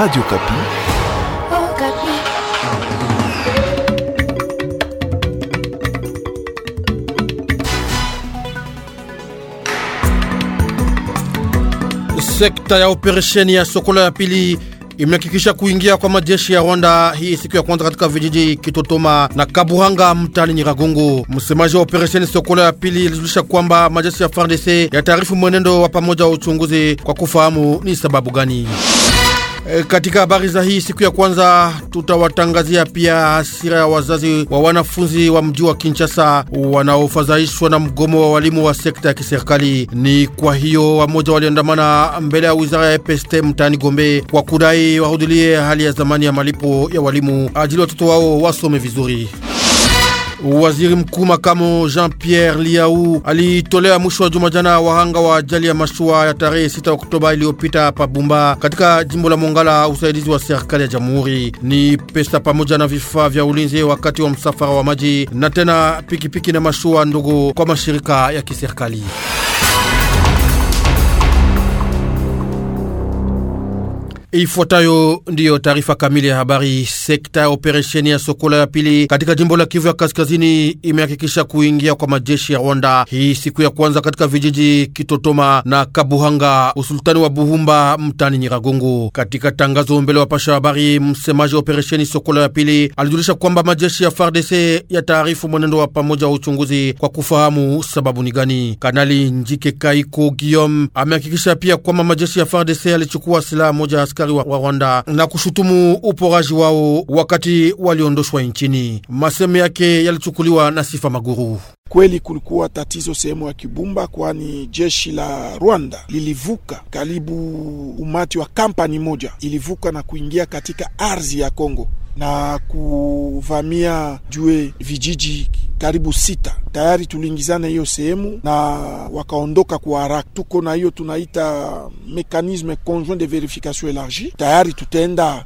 Radio Kapi. Oh, Kapi. Sekta ya operesheni ya Sokola ya pili imehakikisha kuingia kwa majeshi ya Rwanda hii siku ya kwanza katika vijiji Kitotoma na Kabuhanga mtani Nyiragongo. Msemaji wa operesheni Sokola ya pili ilijulisha kwamba majeshi ya FARDC yataarifu mwenendo wa pamoja wa uchunguzi kwa kufahamu ni sababu gani E, katika habari za hii siku ya kwanza tutawatangazia pia hasira ya wazazi wa wanafunzi wa mji wa Kinshasa wanaofadhaishwa na mgomo wa walimu wa sekta ya kiserikali. Ni kwa hiyo wamoja waliandamana mbele ya wizara ya EPST mtaani Gombe kwa kudai warudilie hali ya zamani ya malipo ya walimu ajili watoto wao wasome vizuri. Waziri mkuu makamo Jean-Pierre Liau alitolea mwisho wa juma jana wahanga wa ajali ya mashua ya tarehe 6 Oktoba iliyopita hapa Bumba katika jimbo la Mongala usaidizi wa serikali ya jamhuri ni pesa pamoja na vifaa vya ulinzi wakati wa msafara wa maji na tena pikipiki na mashua ndogo kwa mashirika ya kiserikali. Ifuatayo ndiyo taarifa kamili ya habari. Sekta ya operesheni ya Sokola ya pili katika jimbo la Kivu ya kaskazini imehakikisha kuingia kwa majeshi ya Rwanda hii siku ya kwanza katika vijiji Kitotoma na Kabuhanga, usultani wa Buhumba, mtani Nyiragongo. Katika tangazo mbele wa pasha habari, msemaji wa operesheni Sokola ya pili alijulisha kwamba majeshi ya FARDC yataarifu mwenendo wa pamoja wa uchunguzi kwa kufahamu sababu ni gani. Kanali Njike Kaiko Guillaume amehakikisha pia kwamba majeshi ya FARDC yalichukua silaha moja askari wa Rwanda na kushutumu uporaji wao wakati waliondoshwa nchini. Maseme yake yalichukuliwa na Sifa Maguru. Kweli kulikuwa tatizo sehemu ya Kibumba, kwani jeshi la Rwanda lilivuka karibu umati wa kampani moja, ilivuka na kuingia katika ardhi ya Kongo na kuvamia jue vijiji karibu sita tayari tuliingizana hiyo sehemu na wakaondoka kwa haraka. Tuko na hiyo tunaita mekanisme conjoint de verification elargi, tayari tutaenda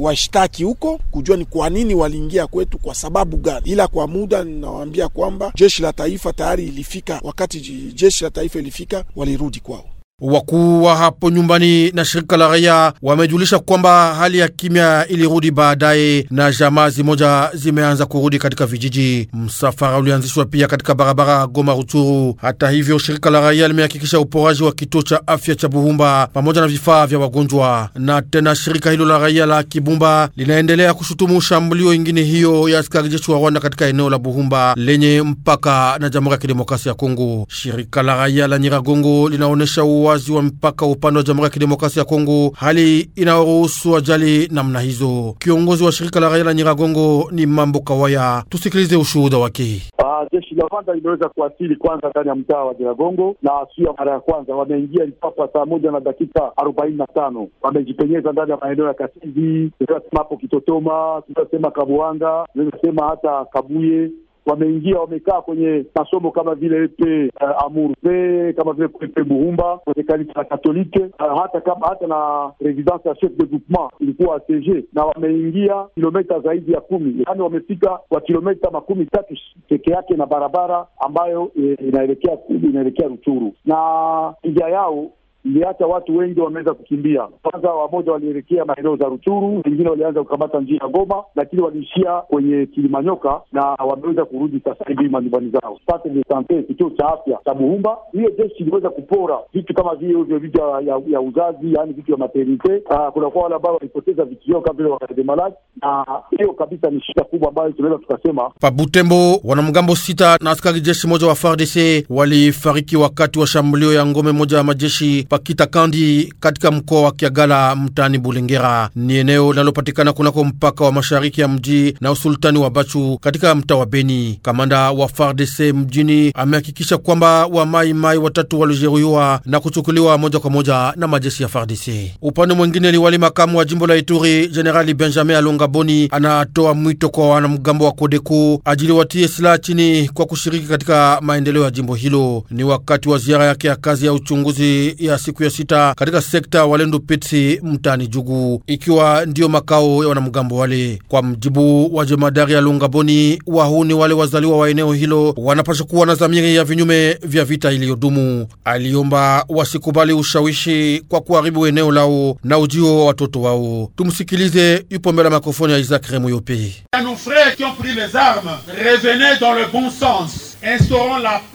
washtaki huko kujua ni kwa nini waliingia kwetu, kwa sababu gani. Ila kwa muda ninawaambia kwamba jeshi la taifa tayari ilifika, wakati jeshi la taifa ilifika walirudi kwao. Wakuu wa hapo nyumbani na shirika la raia wamejulisha kwamba hali ya kimya ilirudi baadaye na jamaa zimoja zimeanza kurudi katika vijiji. Msafara ulianzishwa pia katika barabara Goma Ruchuru. Hata hivyo, shirika la raia limehakikisha uporaji wa kituo cha afya cha Buhumba pamoja na vifaa vya wagonjwa. Na tena shirika hilo la raia la Kibumba linaendelea kushutumu shambulio ingine hiyo ya askari jeshi wa Rwanda katika eneo la Buhumba lenye mpaka na Jamhuri ya Kidemokrasia ya Kongo. Shirika la raia la Nyiragongo linaonesha uwazi wa mpaka upande wa Jamhuri ya Kidemokrasia ya Kongo, hali inayoruhusu ajali namna hizo. Kiongozi wa shirika la raia la Nyiragongo ni Mambo Kawaya, tusikilize ushuhuda wake. Ah, jeshi la Rwanda limeweza kuwasili kwanza ndani ya mtaa wa Nyiragongo na sio mara ya kwanza. Wameingia ilipapa saa moja na dakika arobaini na tano wamejipenyeza ndani ya maeneo ya Kasizi, tunaweza sema hapo Kitotoma, tunaweza sema Kabuanga, tunaweza sema hata Kabuye wameingia wamekaa kwenye masomo kama vile epe uh, amurpe kama vile epe Buhumba kwenye kanisa la Katolike uh, hata kama, hata na residence ya chef de groupement ilikuwa ATG na wameingia kilomita zaidi ya kumi, yaani wamefika kwa kilomita makumi tatu peke yake na barabara ambayo e, inaelekea inaelekea Ruchuru na njia yao iliacha watu wengi wameweza kukimbia. Kwanza wamoja walielekea maeneo za Ruchuru, wengine walianza kukamata njia ya Goma, lakini waliishia kwenye Kilimanyoka na wameweza kurudi sasa hivi manyumbani zao. Sante de sante, kituo cha afya cha Muhumba, hiyo jeshi iliweza kupora vitu kama vile hivyo vitu ya, ya uzazi, yaani vitu ya maternite. Ah, Kunakuwa wale ambao walipoteza vitu vyao kama vile wakademalaki, na hiyo kabisa ni shida kubwa ambayo tunaweza tukasema. pabutembo wanamgambo sita na askari jeshi moja wa FARDC walifariki wakati wa shambulio ya ngome moja ya majeshi Pakita Kandi katika mkoa wa Kiagala mtani Bulengera. Ni eneo linalopatikana kunako mpaka wa mashariki ya mji na usultani wa Bachu katika mtaa wa Beni. Kamanda wa FARDC mjini amehakikisha kwamba wa mai watatu walijeruhiwa na kuchukuliwa moja kwa moja na majeshi ya FARDC. Upande mwingine, liwali makamu wa jimbo la Ituri Jenerali Benjamin Alonga Boni anatoa mwito kwa wanamgambo wa kodeku ajili watie silaha chini kwa kushiriki katika maendeleo ya jimbo hilo. Ni wakati wa ziara yake ya kazi ya uchunguzi ya siku ya sita katika sekta Walendu Pitsi mtani Jugu, ikiwa ndiyo makao ya wanamgambo wale. Kwa mjibu wa jemadari ya Lungaboni, wahuni wale wazaliwa wa eneo hilo wanapasha kuwa na zamiri ya vinyume vya vita iliyodumu. Aliomba wasikubali ushawishi kwa kuharibu eneo lao na ujio wa watoto wao. Tumsikilize, yupo mbele ya makrofoni ya Isaac Remuyope. Nos freres qui ont pris les armes revenez dans le bon sens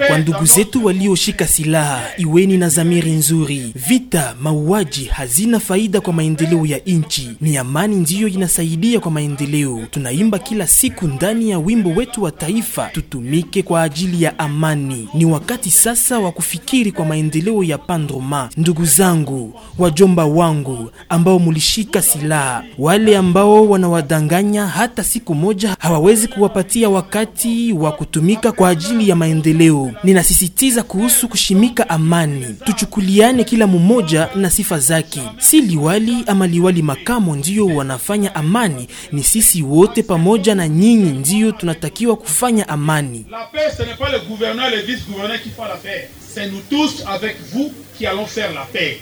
kwa ndugu zetu walioshika silaha, iweni na zamiri nzuri. Vita, mauaji hazina faida kwa maendeleo ya nchi, ni amani ndiyo inasaidia kwa maendeleo. Tunaimba kila siku ndani ya wimbo wetu wa taifa, tutumike kwa ajili ya amani. Ni wakati sasa wa kufikiri kwa maendeleo ya Pandroma. Ndugu zangu, wajomba wangu ambao mulishika silaha, wale ambao wanawadanganya, hata siku moja hawawezi kuwapatia wakati wa kutumika kwa ajili ajili ya maendeleo. Ninasisitiza kuhusu kushimika amani, tuchukuliane kila mmoja na sifa zake. Si liwali ama liwali makamo ndiyo wanafanya amani, ni sisi wote pamoja na nyinyi ndiyo tunatakiwa kufanya amani. la paix.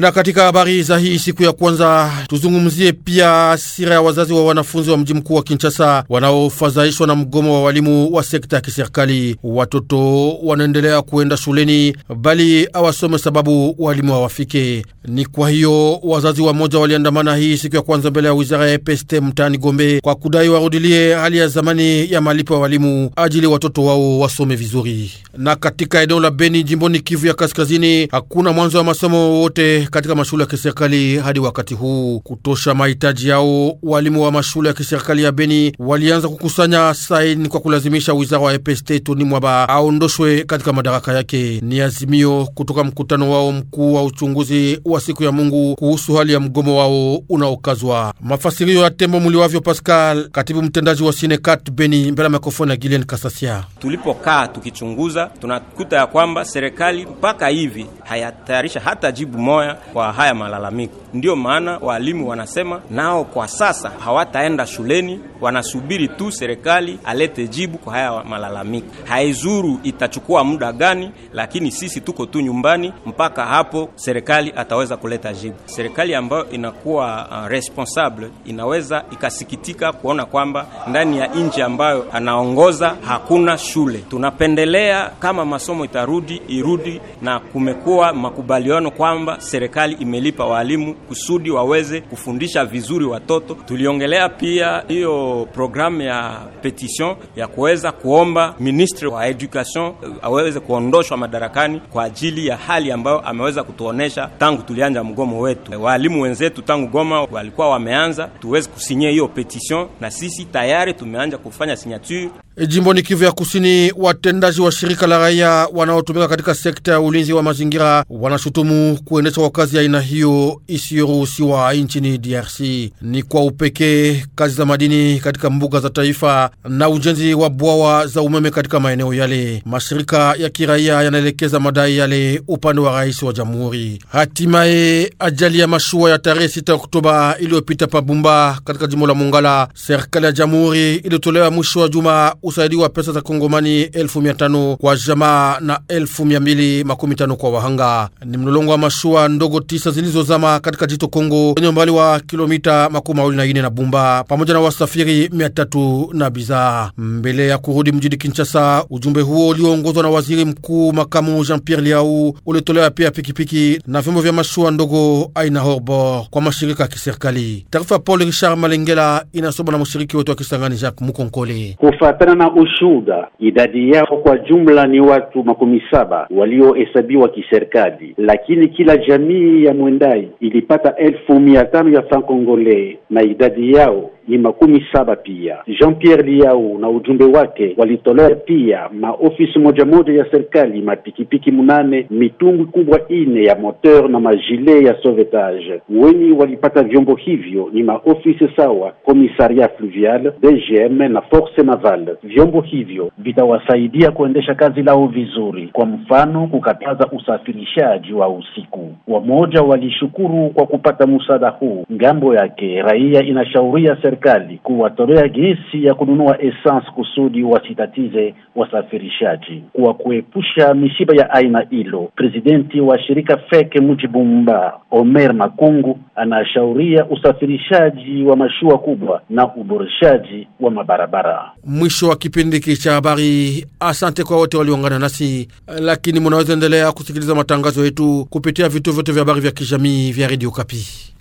Na katika habari za hii siku ya kwanza tuzungumzie pia sira ya wazazi wa wanafunzi wa mji mkuu wa Kinshasa wanaofadhaishwa na mgomo wa walimu wa sekta ya kiserikali. Watoto wanaendelea kuenda shuleni, bali awasome sababu walimu hawafike. Ni kwa hiyo wazazi wa moja waliandamana hii siku ya kwanza mbele ya wizara ya EPST mtaani Gombe kwa kudai warudilie hali ya zamani ya malipo ya walimu ajili watoto wao wasome vizuri. Na katika eneo la Beni jimboni Kivu ya kaskazini hakuna mwanzo wa masomo wote katika mashule ya kiserikali hadi wakati huu. Kutosha mahitaji yao, walimu wa mashule ya kiserikali ya Beni walianza kukusanya saini kwa kulazimisha wizara wa EPST Tony Mwaba aondoshwe katika madaraka yake. Ni azimio kutoka mkutano wao mkuu wa uchunguzi wa siku ya Mungu kuhusu hali ya mgomo wao unaokazwa. Mafasirio ya Tembo Mliwavyo Pascal, katibu mtendaji wa Sinekat Beni, mbele ya mikrofoni ya Gilen Kasasia. Tulipokaa tukichunguza, tunakuta ya kwamba serikali mpaka hivi hayatayarisha hata jibu moya kwa haya malalamiko. Ndiyo maana walimu wanasema nao kwa sasa hawataenda shuleni, wanasubiri tu serikali alete jibu kwa haya malalamiko. Haizuru itachukua muda gani, lakini sisi tuko tu nyumbani mpaka hapo serikali ataweza kuleta jibu. Serikali ambayo inakuwa uh, responsable inaweza ikasikitika kuona kwamba ndani ya nchi ambayo anaongoza hakuna shule. Tunapendelea kama masomo itarudi irudi, na kumekuwa makubaliano kwamba serikali serikali imelipa walimu kusudi waweze kufundisha vizuri watoto. Tuliongelea pia hiyo programu ya petition ya kuweza kuomba ministre wa education eh, aweze kuondoshwa madarakani kwa ajili ya hali ambayo ameweza kutuonesha tangu tulianja mgomo wetu. Eh, walimu wenzetu tangu Goma walikuwa wameanza tuweze kusinyia hiyo petition, na sisi tayari tumeanja kufanya signature. E, Jimboni Kivu ya Kusini, watendaji wa shirika la raia wanaotumika katika sekta ya ulinzi wa mazingira wanashutumu kuendeshwa kwa kazi ya aina hiyo isiyoruhusiwa nchini DRC. Ni kwa upekee kazi za madini katika mbuga za taifa na ujenzi wa bwawa za umeme katika maeneo yale. Mashirika ya kiraia yanaelekeza madai yale upande wa rais wa jamhuri. Hatimaye, ajali ya mashua ya tarehe 6 Oktoba iliyopita Pabumba katika jimbo la Mongala, serikali ya jamhuri ilitolewa mwisho wa juma usaidi wa pesa za Kongomani 1500 kwa jamaa na 1215 kwa wahanga. Ni mlolongo wa mashua ndogo tisa zilizozama katika jito Kongo kwenye umbali wa kilomita makumi mawili na nne na Bumba, pamoja na wasafiri 300 na bidhaa. Mbele ya kurudi mjini Kinshasa, ujumbe huo ulioongozwa na waziri mkuu makamu Jean Pierre Liau ulitolewa pia pikipiki na vyombo vya mashua ndogo aina horbor kwa mashirika ya kiserikali. Taarifa Paul Richard Malengela inasoma na mshiriki wetu wa Kisangani Jacques Mukonkole. Kufatana na ushuda, idadi yao kwa jumla ni watu makumi saba waliohesabiwa kiserikali, lakini kila jamii ya mwendai ilipata elfu mia tano ya franc congolais na idadi yao ni makumi saba. Pia Jean-Pierre Liao na ujumbe wake walitolea pia maofisi moja moja ya serikali mapikipiki munane, mitungi kubwa ine ya moteur na majile ya sauvetage. Wenye walipata vyombo hivyo ni maofisi sawa komisaria fluvial, DGM na force naval. Vyombo hivyo vitawasaidia kuendesha kazi lao vizuri, kwa mfano kukataza usafirishaji wa usiku. Wamoja walishukuru kwa kupata msaada huu. Ngambo yake raia inashauria serikali serikali kuwatolea gesi ya kununua essence kusudi wasitatize wasafirishaji kwa kuepusha mishiba ya aina hilo. Presidenti wa shirika feke Mujibumba Omer Makungu anashauria usafirishaji wa mashua kubwa na uboreshaji wa mabarabara. Mwisho wa kipindi hiki cha habari. Asante kwa wote waliongana nasi, lakini munaweza endelea kusikiliza matangazo yetu kupitia vituo vyote vya habari vya kijamii vya redio Kapi.